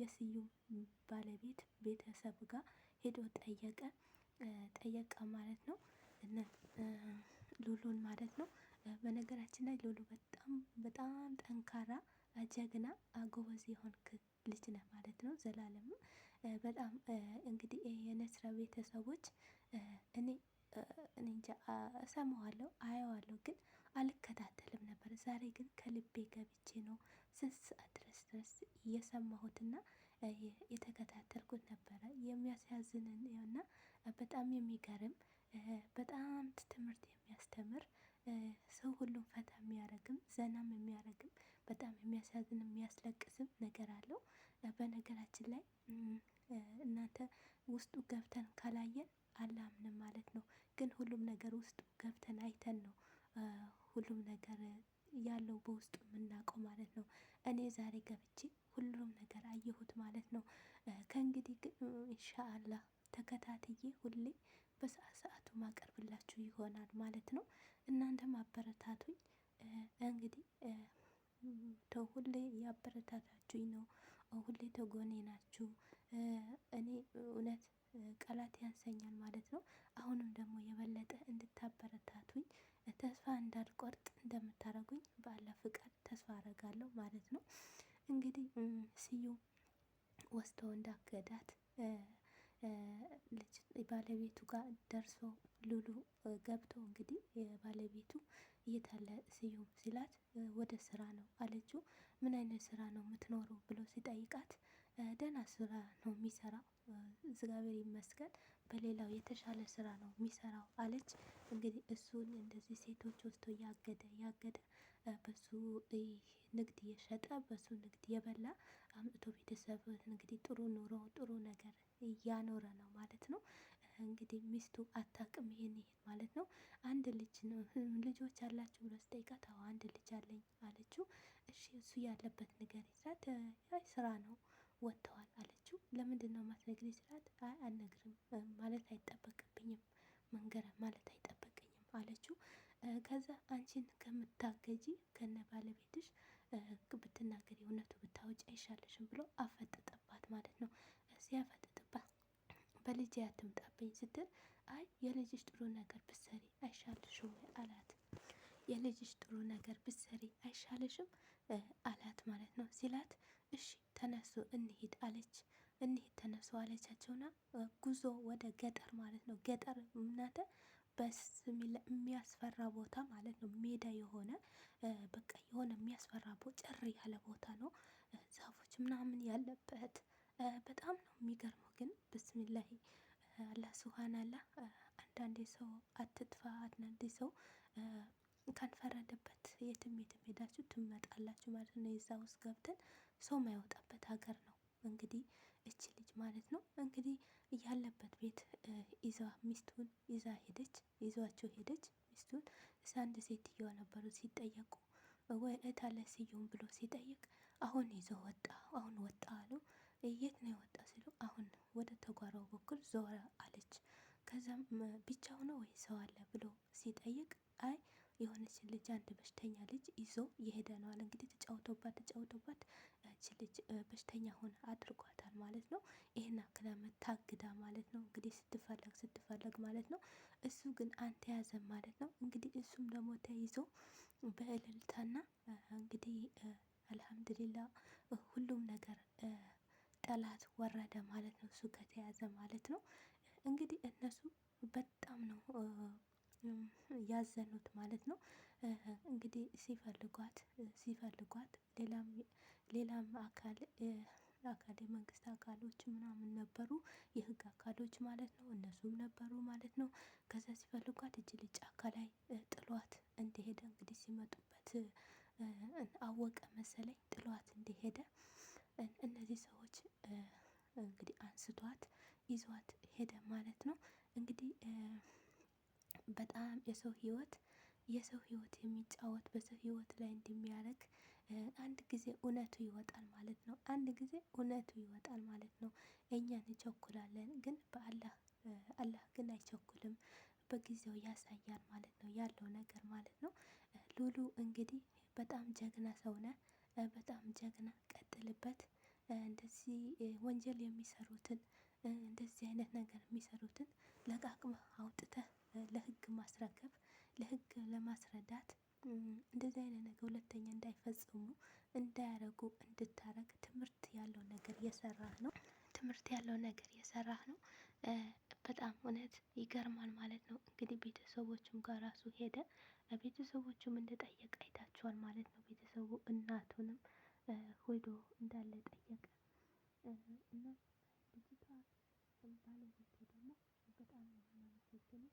የስዩም ባለቤት ቤተሰብ ጋር ሄዶ ጠየቀ ጠየቀ ማለት ነው። ሉሉን ማለት ነው። በነገራችን ላይ ሉሉ በጣም በጣም ጠንካራ ጀግና ጎበዝ የሆንክ ልጅ ነህ ማለት ነው። ዘላለም በጣም እንግዲህ የንስራ ቤተሰቦች እኔ እንጃ እሰማዋለሁ አየዋለሁ ግን አልከታተልም ነበር። ዛሬ ግን ከልቤ ገብቼ ነው ስንት ሰዓት ድረስ ድረስ እየሰማሁትና የተከታተልኩት ነበረ። የሚያሳዝንን እና በጣም የሚገርም በጣም ትምህርት የሚያስተምር ሰው ሁሉም ፈታ የሚያደርግም ዘናም የሚያደርግም በጣም የሚያሳዝን የሚያስለቅስም ነገር አለው። በነገራችን ላይ እናንተ ውስጡ ገብተን ካላየን አላምንም ማለት ነው። ግን ሁሉም ነገር ውስጡ ገብተን አይተን ነው ሁሉም ነገር ያለው በውስጡ የምናውቀው ማለት ነው። እኔ ዛሬ ገብቼ ሁሉም ነገር አየሁት ማለት ነው። ከእንግዲህ እንሻአላህ ተከታትዬ ሁሌ በሰዓት ሰዓቱ ማቀርብላችሁ ይሆናል ማለት ነው። እናንተም አበረታቱኝ። እንግዲህ ሁሌ ያበረታታችሁኝ ነው። ሁሌ ተጎኔ ናችሁ። እኔ እውነት ቃላት ያንሰኛል ማለት ነው። አሁንም ደግሞ የበለጠ እንድታበረታቱኝ ተስፋ እንዳልቆርጥ እንደምታደርጉኝ በአላ ፍቃድ ተስፋ አረጋለሁ ማለት ነው። እንግዲህ ስዩም ወስዶ እንዳገዳት ባለቤቱ ጋር ደርሶ ሉሉ ገብቶ እንግዲህ ባለቤቱ እየታለ ስዩም ሲላት ወደ ስራ ነው አለችው። ምን አይነት ስራ ነው የምትኖረው ብሎ ሲጠይቃት ደህና ስራ ነው የሚሰራው እግዚአብሔር ይመስገን በሌላው የተሻለ ስራ ነው የሚሰራው አለች። እንግዲህ እሱን እንደዚህ ሴቶች ወስዶ ያገደ ያገደ በሱ ንግድ እየሸጠ በሱ ንግድ የበላ አምጥቶ ቤተሰብ እንግዲህ ጥሩ ኑሮ ጥሩ ነገር እያኖረ ነው ማለት ነው። እንግዲህ ሚስቱ አታውቅም ይሄን ማለት ነው። አንድ ልጅ ነው ልጆች አላችሁ ብሎ ስጠይቃት አዎ አንድ ልጅ አለኝ አለችው። እሺ እሱ ያለበት ነገር ስራ ነው ወጥተዋል አለችው። ለምንድን ነው ማትነግሪኝ ስላት አይ አልነግርም ማለት አይጠበቅብኝም መንገር ማለት አይጠበቅኝም አለችው። ከዛ አንቺን ከምታገጂ ከነ ባለቤትሽ ብትናገሪ እውነቱ ብታወጪ አይሻለሽም ብሎ አፈጠጠባት ማለት ነው። ሲያፈጥጥባት በልጅ አትምጣብኝ ስትል አይ የልጅሽ ጥሩ ነገር ብትሰሪ አይሻልሽም አላት። የልጅሽ ጥሩ ነገር ብትሰሪ አይሻልሽም አላት ማለት ነው ሲላት እሺ ተነሱ እንሂድ አለች። እንሂድ ተነሱ አለቻቸውና ጉዞ ወደ ገጠር ማለት ነው። ገጠር እናተ በስ የሚያስፈራ ቦታ ማለት ነው። ሜዳ የሆነ በቃ የሆነ የሚያስፈራ ጭር ያለ ቦታ ነው። ዛፎች ምናምን ያለበት በጣም ነው የሚገርመው። ግን ብስሚላሂ አላህ ስብሃን አላህ። አንዳንዴ ሰው አትጥፋ፣ አንዳንዴ ሰው ካልፈረደበት የትም የትም ሄዳችሁ ትመጣላችሁ ማለት ነው። የዛ ውስጥ ገብተን ሰው የማይወጣበት ሀገር ነው እንግዲህ እች ልጅ ማለት ነው። እንግዲህ ያለበት ቤት ይዛ ሚስቱን ይዛ ሄደች፣ ይዟቸው ሄደች ሚስቱን። አንድ ሴትየዋ ነበሩ ሲጠየቁ እታለ ስዩም ብሎ ሲጠይቅ አሁን ይዞ ወጣ፣ አሁን ወጣ አሉ። የት ነው የወጣ ሲሉ አሁን ወደ ተጓራው በኩል ዞረ አለች። ከዛም ብቻ ነው ወይ ሰው አለ ብሎ ሲጠይቅ አይ የሆነች ልጅ አንድ በሽተኛ ልጅ ይዞ የሄደ ነው አለ። እንግዲህ ተጫውቶባት ተጫውቶባት ያችን ልጅ በሽተኛ ሆነ አድርጓታል ማለት ነው። ይህን አክል ዓመት ታግዳ ማለት ነው እንግዲህ ስትፈለግ ስትፈለግ ማለት ነው። እሱ ግን አልተያዘም ማለት ነው። እንግዲህ እሱም ደግሞ ተይዞ በእልልታና እንግዲህ አልሐምዱሊላ ሁሉም ነገር ጠላት ወረደ ማለት ነው። እሱ ከተያዘ ማለት ነው። እንግዲህ እነሱ በጣም ነው ያዘኑት ማለት ነው። እንግዲህ ሲፈልጓት ሲፈልጓት ሌላም ሌላም አካል አካል የመንግስት አካሎች ምናምን ነበሩ የህግ አካሎች ማለት ነው። እነሱም ነበሩ ማለት ነው። ከዛ ሲፈልጓት እጅ ጫካ ላይ ጥሏት እንደሄደ እንግዲህ ሲመጡበት አወቀ መሰለኝ ጥሏት እንደሄደ እነዚህ ሰዎች እንግዲህ አንስቷት ይዟት ሄደ ማለት ነው። እንግዲህ በጣም የሰው ህይወት የሰው ህይወት የሚጫወት በሰው ህይወት ላይ እንደሚያደርግ አንድ ጊዜ እውነቱ ይወጣል ማለት ነው። አንድ ጊዜ እውነቱ ይወጣል ማለት ነው። እኛ እንቸኩላለን ግን በአላህ አላህ ግን አይቸኩልም። በጊዜው ያሳያል ማለት ነው ያለው ነገር ማለት ነው። ሉሉ እንግዲህ በጣም ጀግና ሰው ነህ በጣም ጀግና ቀጥልበት። እንደዚህ ወንጀል የሚሰሩትን እንደዚህ አይነት ነገር የሚሰሩትን ለቃቅመህ በማስረዳት እንደዚህ አይነት ነገር ሁለተኛ እንዳይፈጽሙ እንዳያረጉ እንድታረግ ትምህርት ያለው ነገር የሰራህ ነው። ትምህርት ያለው ነገር የሰራህ ነው። በጣም እውነት ይገርማል ማለት ነው። እንግዲህ ቤተሰቦቹም ጋር ራሱ ሄደ ቤተሰቦቹም እንደጠየቀ አይታችኋል ማለት ነው። ቤተሰቡ እናቱንም ሄዶ እንዳለ ጠየቀ እና ልጅቷ ባለቤቱ ደግሞ በጣም ነው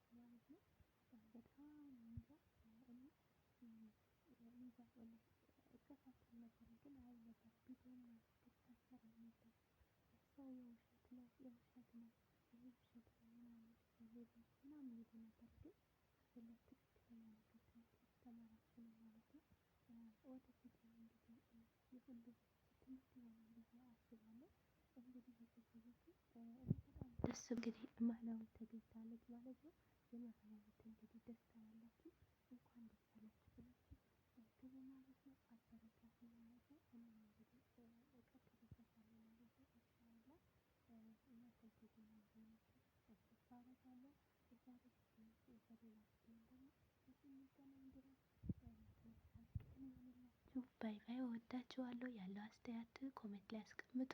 ሰዎች ማለት ነው። በጣም እንጃ እንጃ እከታተል ነበር፣ ግን አልነበር ቪዲዮ ማለት ብታሰር ነበር። ሰው የውሸት ነው የውሸት ነው ይህ ውሸት ነው ምናምን ምናምን ይሉ ነበር፣ ግን ስለ ትክክለኛ ነገር ትምህርት ያስተማራችን ማለት ነው። ወደፊት እንግዲህ የሁሉ ትምህርት ይሆናል ብዬ አስባለሁ። እንግዲህ ቤተሰቦች በጣም ደስ እንግዲህ ማህላዊ ተገኝታለች ማለት ነው። ባይ ባይ። ወዳችኋለሁ። ያለው አስተያየት ኮሜንት ላይ አስቀምጡ።